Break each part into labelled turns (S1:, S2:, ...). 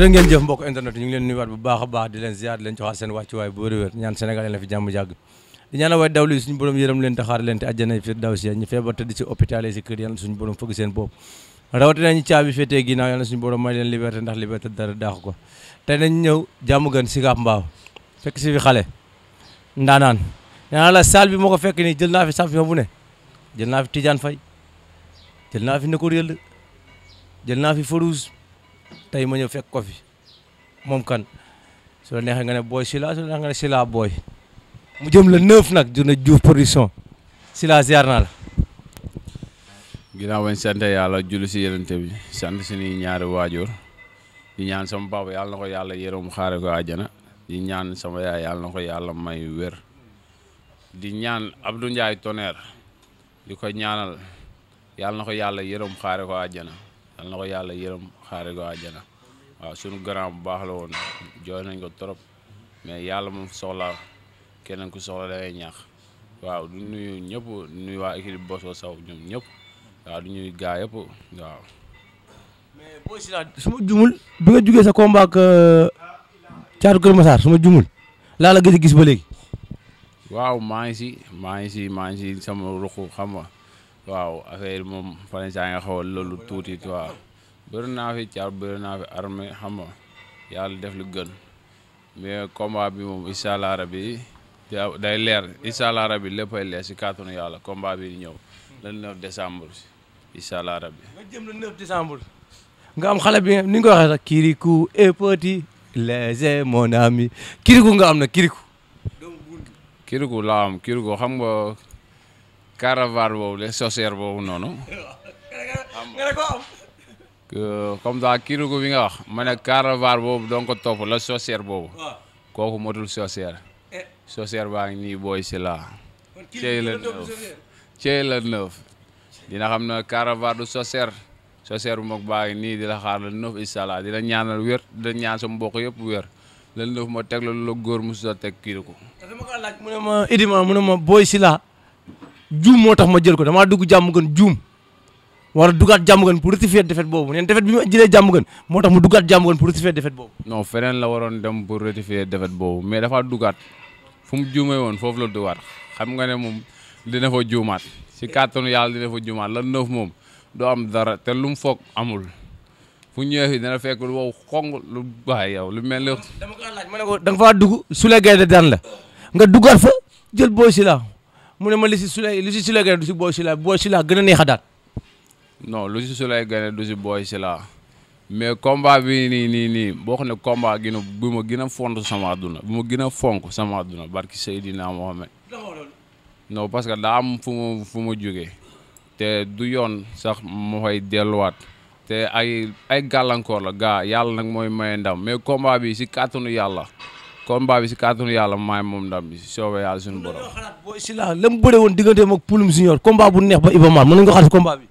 S1: jërë ngeen jëf mbokk internet ñu ngi leen nuyuwaat bu baax a baax di leen ziar di leen joxaat seen wàccuwaay bu wér wér ñaan Sénégal yéen fi jàmm jàgg di ñaan waay dawlu yi suñu borom yërëm leen taxaar leen te àjjana yi firdaws ñu feebar tëdd si kër yàlla suñu borom fëgg seen bopp rawatina ñu caabi féetee ginnaaw yàlla suñu borom may leen liberté ndax liberté dara ko tey nañ ñëw jàmm gën Sicap Mbao fekk si fi xale ndaanaan ñaana la salle bi tey ma ñëw fekk ko fi moom kan su la neexee nga ne booy Sila su la neexee nga ne Sila booy mu jëm la neuf nag journée Diouf production
S2: Sila ziar naa la. ginnaaw bañ sant yàlla julli si yërënte bi sant suñuy ñaari waajur di ñaan sama papa yàlla na ko yàlla yërëm xaare ko àjjana di ñaan sama yaay yàlla na ko yàlla may di ñaan Abdou di ko ñaanal yàlla na ko yàlla yërëm xaare ko àjjana xaare ko àjjana waaw suñu grand bu baax la woon jooy nañ ko trop mais yàlla moom soxla kenn ku soxla dangay ñaax waaw du nuyu ñëpp nuyu waa équipe Boso saw ñoom ñëpp waaw du ñuy gaa yëpp waaw. mais maa ngi si maa ngi si maa ngi si sama ruq xam nga waaw affaire moom fan nga xaw a loolu waaw. bëri naa fi caar bëri naa fi armée xam nga yàlla def lu gën mais combat bi moom incha allah day leer incha allah rabi léppay leer si kàttanu yàlla combat bi ñëw la 9 décembre incha allah
S1: nga am xale bi ni ko waxee sax kiriku et petit léger mon ami kiriku nga am na kiriku.
S2: kiriku laa am kiriku xam nga caravane boobu les sorcières boobu noonu. Euh, comme ça kiirugu bi nga wax ma ne caravane boobu doon ko la sorcière boobu ah. kooku motul sorcière eh. sorcière baa ngi nii booy si laa la neuf cey la neuf dina xam ne caravane du sorcière sorcière bu mag baa ngi nii dina la xaar la neuf incha dina ñaanal wér dina ñaan sa mbokk yëpp wér la neuf ma teg la lu góor mu sa teg kiirugu eh, dama
S1: ko laaj mu ne ma idima ma booy si juum moo tax ma jël ko damaa dugg jàmm gën juum wara a dugaat jàmm gën pour rectifier defet boobu neen défaite bi mu jëlee jàmm gën moo tax mu dugaat jàmm gën pour rectifier défaite boobu.
S2: non feneen la waroon dem pour rectifier défaite boobu mais dafa dugaat fu mu woon foofu la dugaat xam nga ne moom dina fa juumaat si kàttanu yàlla dina fa juumaat lan neuf moom doo am dara te lu mu foog amul fu ñëwee dina fekk lu wow xong lu baax yow lu mel ne. dama ko
S1: laaj ma ne ko da nga faa dugg Souley Gaye daan la nga duggaat fa jël Boy Sylla mu ne ma li si Souley li si Souley Gaye du si Boy Sylla Boy Sylla gën a neex a
S2: non lu si su lay gane du si booy si mais combat bi nii nii nii boo xam ne combat gi bu ma gën a font sama àdduna bu ma gën a fonk sama àdduna barki Seydina Mohamed non parce que daa fu ma fu ma jógee te du yoon sax ma fay te ay ay gàllankoor la gaa yàlla nag mooy maye ndam mais bi si kàttanu yàlla combat bi si kàttanu yàlla maay moom ndam bi soobee yàlla suñu borom. booy si
S1: la mu bëre woon digganteem ak Poulum Junior combat bu neex ba Iba Mar mën nga xalaat si combat
S2: bi.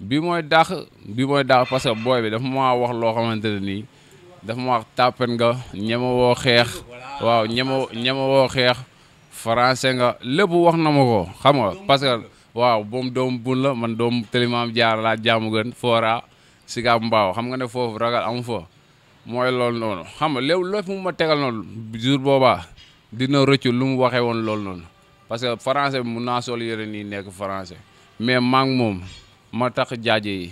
S2: bi mooy dàq bi mooy dàq parce que booy bi dafa ma wax loo xamante ne nii dafa ma wax tàppen nga ñema woo xeex waaw ñema woo xeex français nga lépp wax na ma ko xam nga parce que waaw moom doomu bun la man doomu tëlimaam jaar laa jaamu gën foora siga mbaaw xam nga ne foofu ragal amu fa mooy loolu noonu xam nga lépp lépp mu ma tegal noonu jour boobaa dina rëccu lu mu waxee woon loolu noonu parce que français bi mun naa sol yëre nii nekk français mais maa moom ma takk jaaje yi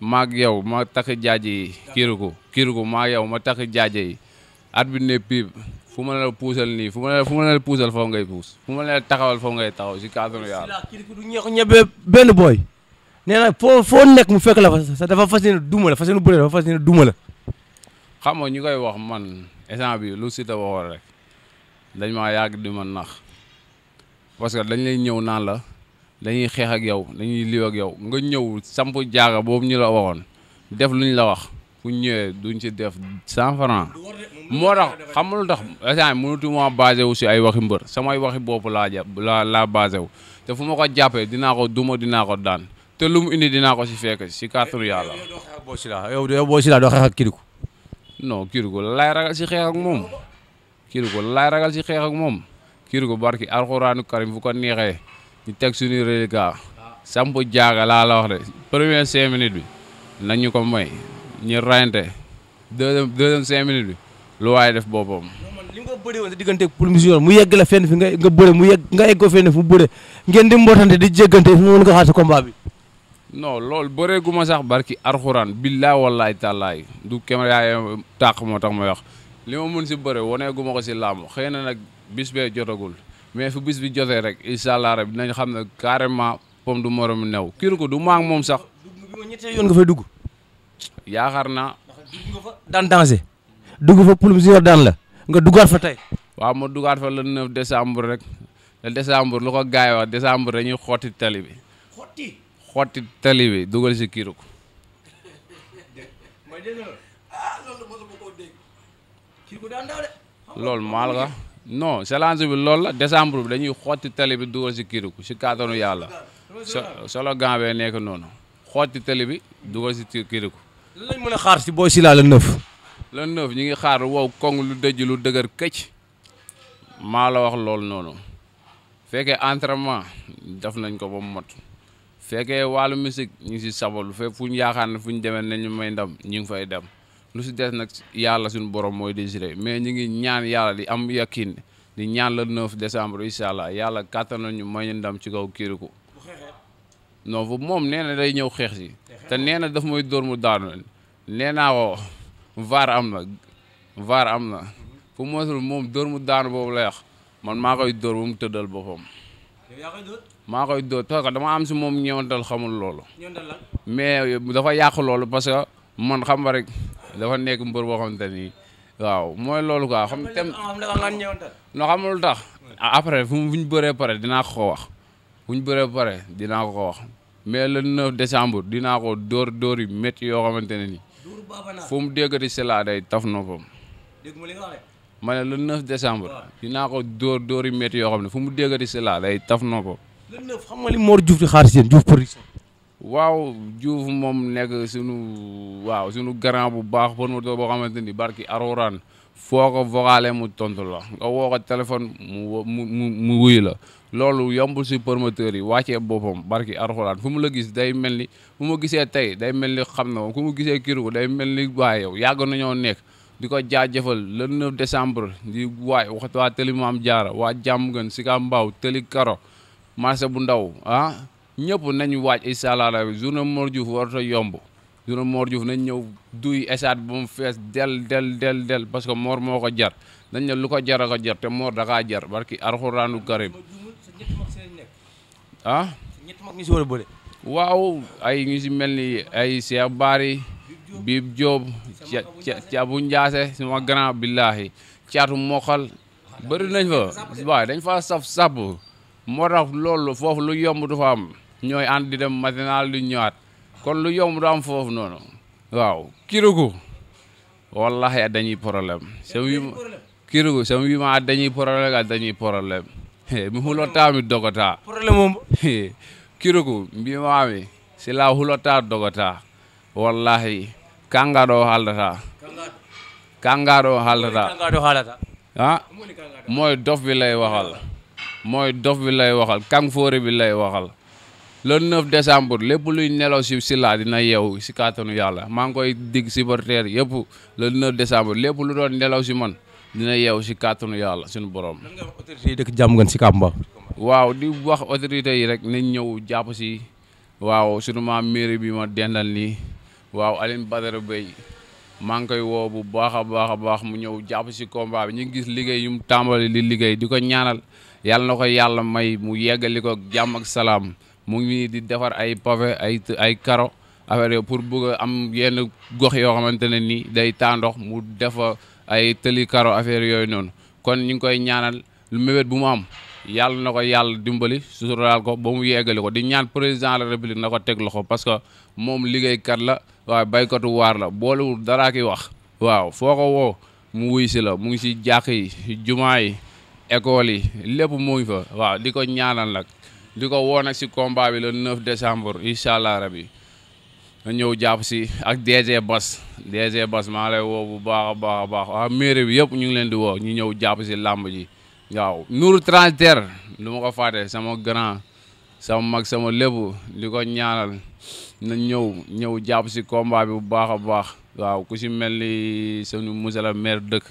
S2: maag yow ma takk jaaje yi kiriku kiriku maag yow ma takk jaaje yi at bi ne piib fu ma la puusal nii fu ma la fu ma la puusal foofu ngay puus fu ma la taxawal foofu ngay taxaw si kàttanu yàlla kiriku du
S1: benn booy nee na foo nekk mu fekk la fa dafa fas yéene duma la fas yéene bëre dafa fas yéene duma la
S2: xam nga ñu koy wax man instant bi lu si ta waxoon rek dañ maa yàgg di ma nax parce que dañ lay ñëw naan la dañuy xeex ak yow dañuy liw yow nga ñëw samp jaaga boobu ñu la waxoon def luñ la wax fu ñëwee duñ ci def cent franc moo tax xam nga lu tax instant mënatuma basé wu si ay waxi mbër samay waxi bopp laa ja laa laa wu te fu ma ko jàppee dinaa ko duma dinaa ko daan te lu mu indi dinaa ko si fekk si kàttanu yàlla. yow
S1: boo si la doo xeex ak kiriku.
S2: non kiriku laay ragal si xeex ak moom kiriku laay ragal si xeex ak moom karim fu ko neexee. di teg suñu reliquat samp jaaga laa la wax de première cinq minutes bi nañu ko may ñu rayante deuxième deuxième bi lu waaye def boppam. li
S1: nga bëree woon sa diggante pour mu yegg la fenn fi nga nga bëre mu yegg nga egg ko fenn bëre ngeen di mbootante di jéggante fi mu mën nga xaar sa
S2: gu ma sax barki arxuraan billaa wallaay tàllaay du caméra yaa tàq moo tax may wax li ma mën si bëre waneegu ma ko si làmb xëy na nag bis bee mais fu bis bi jotee rek incha allah rabi nañu xam na carrément Pom du moromu new kii ko du maag moom sax.
S1: dugg ñetti yoon nga fay dugg.
S2: yaakaar naa. dugg nga fa daan dansé.
S1: dugg fa Pulum si yor daan la. nga duggaat fa
S2: tey. waaw ma duggaat fa le 9 décembre rek le décembre lu ko gars yi wax décembre dañuy xotti tali bi. xotti xotti tali bi dugal si kii ah, ko. maal nga. non challenge bi lool la décembre bi dañuy xotti tali bi dugal si kiriku si kattanu yàlla solo ganbee nekk noonu xotti tali bi dugal si kiriku lan lañ mën xaar si boo Sylla la neuf la neuf ñu ngi xaar wow koŋ lu dëj lu dëgër këcc maa la wax loolu noonu fekkee entraînement def nañ ko ba mot fekkee wàllu musique ñu ngi si sabalu fekk fu ñu yaakaar ne fu ñu demee nañu may ndam ñu ngi fay dem lu si des nag yàlla suñu borom mooy désiré mais ñu ngi ñaan yàlla di am yakin di ñaan la 9 décembre incha allah yàlla kàttan nañu may ñu ndam ci kaw ko non bu moom nee na day ñëw xeex si te nee na daf mooy door mu daanu nee naa ko vaar am na vaar am na fu moom dóor mu daanu boobu la yàq man maa koy dóor ba mu tëddal boppam maa koy dóor te dama am si moom ñëwantal xamul loolu mais dafa yàq loolu parce que man xam nga rek dafa nekk mbër boo xamante nii waaw mooy loolu quoi xam tem no xamul tax après fu ñu bëree pare dinaa ko ko wax fu ñu bëree pare dinaa ko wax mais la 9 décembre dinaa ko dóor dóor yu métti yoo xamante ne ni fu mu déggati si laa day taf noppam ma ne le 9 décembre dinaa ko dóor door yu métti yoo xam ne fu mu déggati si laa day taf noppam le
S1: xam nga li Mor Diouf
S2: waaw Diouf moom nekk sunu waaw sunu grand bu baax promoteur boo xamante ni barki Alxuraan foo ko vocalé mu tontu la nga woo ko téléphone mu mu mu wuyu la loolu yombul si promoteur yi wàccee boppam barki Alxuraan fu mu la gis day mel ni fu mu gisee tey day mel ni xam na ku mu gisee kiriku day mel ni waaye yow yàgg nañoo nekk di ko jaajëfal le 9 décembre di waay waxtu waa tëli maam jaara waa jàmm gën si ka mbaaw tëli karo marché bu ndaw ah ñëpp nañ waaj incha allah rabi journée Mor Diouf warut a yomb journée Mor nañ ñëw duy esaat ba fees del del del parce que Mor moo ko jar dañ ne lu ko jar a ko jar te Mor da kaa jar barki Alxuraanu Karim ah. waaw ay ñu mel ni ay Cheikh Bari Bib Diop Caabu Njaase sama grand billahi caatu moxal bëri nañ fa waaye dañ fa saf sàpp moo tax loolu foofu lu yomb du ñooy ànd di dem matinal du ñëwaat kon lu yomb du am foofu noonu waaw kirugu wallahi dañuy problème sam wi kirugu sam wi ma dañuy problème a dañuy problème mi hulota mi dogota problème kirugu mbimami sila hulota dogota wallahi kangaɗo haldata kangaɗo mooy dof bi lay waxal mooy dof bi lay waxal kang foore bi lay waxal le 9 décembre lépp luy nelaw si si laa dina yeew si kàttanu yàlla maa ngi koy digg supporter yëpp le 9 décembre lépp lu doon nelaw si man dina yeew si kàttanu yàlla suñu borom. lan nga autorité yi dëkk
S1: jàmm ngeen si Kamba.
S2: waaw di wax autorité yi rek nañ ñëw jàpp si waaw sunu ma mairie bi ma dendal nii waaw Alioune Badara Beye maa ngi koy woo bu baax a baax a baax mu ñëw jàpp si combat ñu gis liggéey yu mu tàmbali di liggéey di ko ñaanal yàlla na ko yàlla may mu yeggali ko jàmm ak salaam. mu ngi di defar ay pavé ay ay karo affaire yooyu pour bugg am yenn gox yoo xamante ne nii day taandox mu defa ay tëli karo affaire yooyu noonu kon ñu ngi koy ñaanal lu mébét bu mu am yàlla na ko yàlla dimbali suturaal ko ba mu yeggali ko di ñaan président de la république na ko teg loxo parce que moom kat la waaw baykatu waar la boolewul daraa ki wax waaw foo ko woo mu wuy si la mu ngi si jàq yi jumaa yi école yi lépp mu fa waaw di ko ñaanal nag di ko woo nag si combat bi le 9 décembre incha allah rabi ñëw jàpp si ak DG Bas DG Bas maa lay woo bu baax a baax a baax waa mairie bi yëpp ñu ngi leen di woo ñu ñëw jàpp si làmb ji waaw Nour Transitaire lu ma ko fàtte sama grand sama mag sama lépp di ko ñaanal na ñëw ñëw jàpp si combat bi bu baax a baax waaw ku si mel ni sunu monsieur le maire dëkk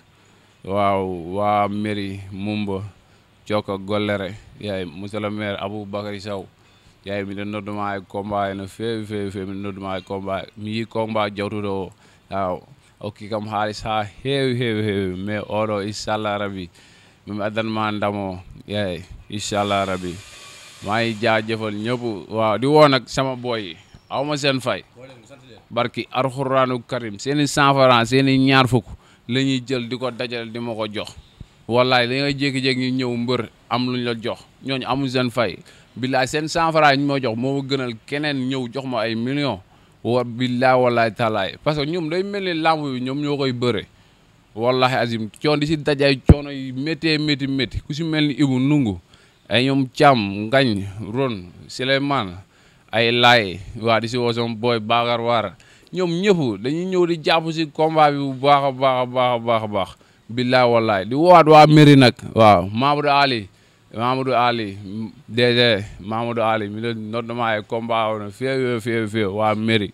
S2: waaw waa mairie Mumba Coko gollere yaye monsieur le maire aboubacary sow yaye miɗen nodduma e combat ene feewi feewi feewi miɗen nodduma e combat mi yi combat jawtuɗo o waw kam haalis ha heewi heewi mais oɗo inchallah rabi mimi addanma ndam o ma yi jaajëfal waaw di woo sama boy yi awma seen fay barki alxuraanu karim seen i cent ñaar fukk la jël di ko dajale di ma ko jox wallaay da ngay jékki-jékki ñëw mbër am luñ la jox ñooñu amul seen fay billaay seen cent francs moo jox moo gënal keneen ñëw jox ma ay millions wa billaay wallaay taalaay parce que ñoom day mel ni làmb bi ñoom ñoo koy bëre wallahi azim coon di si daj ay coono yu méttee métti métti ku si mel ni Ibu Nungu ay ñoom Thiam Ngañ Ron Souleymane ay lay waa di si woo booy Bakar Waara ñoom ñëpp dañuy ñëw di jàpp si combat bi bu baax a baax a baax baax a baax billaay wallaay di woowaat waa mairie nag waaw Mamadou Ali Mamadou Ali DG Mamadou Ali mi doon noddama e combat ono feewi feewi feewi waa mairie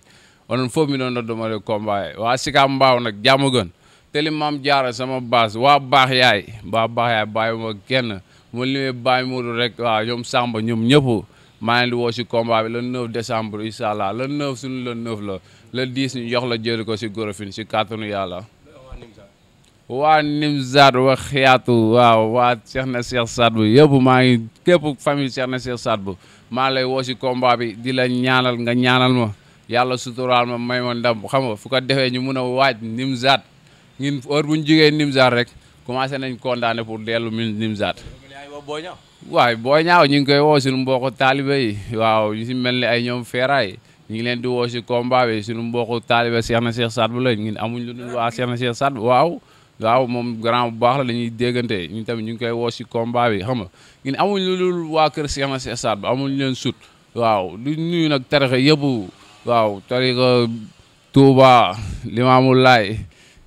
S2: onon fof mi ɗon noddoma e combat e waa Sika Mbaaw nag Diamaguène teli Mame Diarra sama baas waa baax yaay waa ba yaay bàyyi ma kenn mu limee bàyyi Modou rek waaw ñoom Samba ñoom ñëpp maa ngi di woo si combat bi le 9 décembre incha allah le 9 suñu le la le 10 ñu jox la jëri ko si Gorofine si kàttanu yàlla waa Nimzaat wa Xiyaatu waaw waa Cheikh na Cheikh Sadbu yëpp maa ngi képp famille Cheikh na Cheikh Sadbu maa lay woo si combat bi di la ñaanal nga ñaanal ma yàlla suturaal ma may ma ndam xam nga fu ko defee ñu mun a waaj Nimzaat ñun heure bu ñu jugee Nimzaat rek commencé nañ condamné pour dellu Nimzaat. waaw boo ñaaw ñu ngi koy woo suñu mbokku taalibe yi waaw ñu si mel ni ay ñoom feeraay ñu ngi leen di woo si combat bi suñu mbokku taalibe Cheikh na Cheikh Sadbu la ñun amuñ lu dul waa Cheikh na Cheikh waaw. waaw moom grand bu baax la dañuy déggante ñu tamit ñu ngi koy woo si combat bi xam nga ñun amuñ lu dul waa kër Cheikh si stade ba amuñ leen sut waaw du nuyu nag tarixa yëpp waaw tarixa Touba Limaamu Laay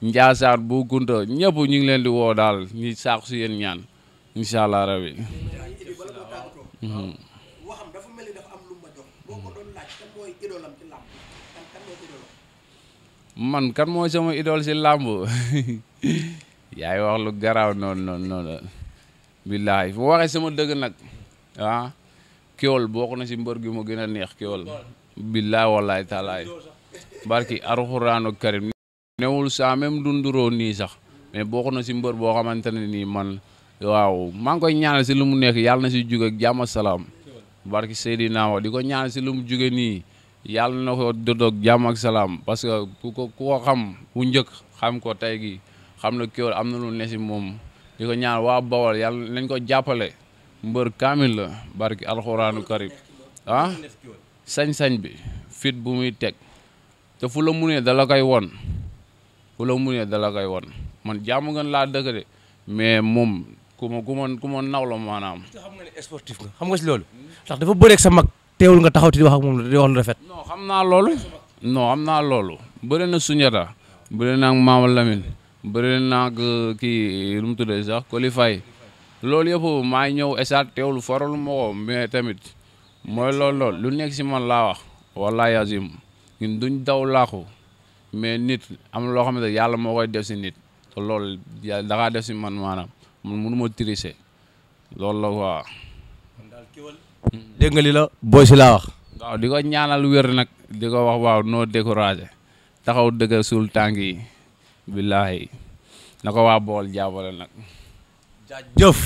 S2: Njaasaan bu Gunta ñëpp ñu ngi leen di woo daal ñi saaku si yéen ñaan incha allah rabi man kan mooy sama idole si làmb yaay wax lu garaaw noonu noonu noonu la billaay waxee sama dëgg nag ah kéwal bokk na si mbër gi mu gën a neex kéwal billaay wallaay taalaay barki Alxuraanu Karim newul saa dunduroo nii sax mais bokk na si mbër boo xamante ne nii man waaw maa koy ñaanal si lu mu nekk yàlla na si jóge ak jàmm salaam barki Seydina wa di ko ñaanal si lu mu jóge nii yàlla na ko dodoog jàmm ak salaam parce que ku ko xam bu njëkk xam ko tay gi xam na Kewel am na lu ne si moom di ko waa Bawol yàlla nañ ko jàppale mbër kaamil la barki alxuraanu karim ah sañ-sañ bi fit bu muy teg te fu la munee dala la munee dala koy won man jàmm ngeen laa dëkk mais moom ku ma ku ma ku ma naw la maanaam. xam nga xam nga si loolu.
S1: ndax dafa bëreeg sa mag teewul nga taxaw di wax moom di wax
S2: xam naa loolu. noo xam naa loolu. bëri na Sunjata bëri na ak Maama bëri naag kii lu mu tuddee sax qualifié loolu yëpp maa ñëw esaat teewlu faralu ma ko mais tamit mooy loolu lool lu nekk si man laa wax wallahi azim ñun duñ daw laaxu mais nit am loo xam ne yàlla moo koy def si nit te loolu def si man maanaam man mënu ma tricher loolu la quoi. dégg la booy si laa wax. waaw di ko ñaanal wér nag di ko wax waaw noo découragé taxaw dëgg suul tànk yi. billaahi na ko waa bool jaabale nag jaajëf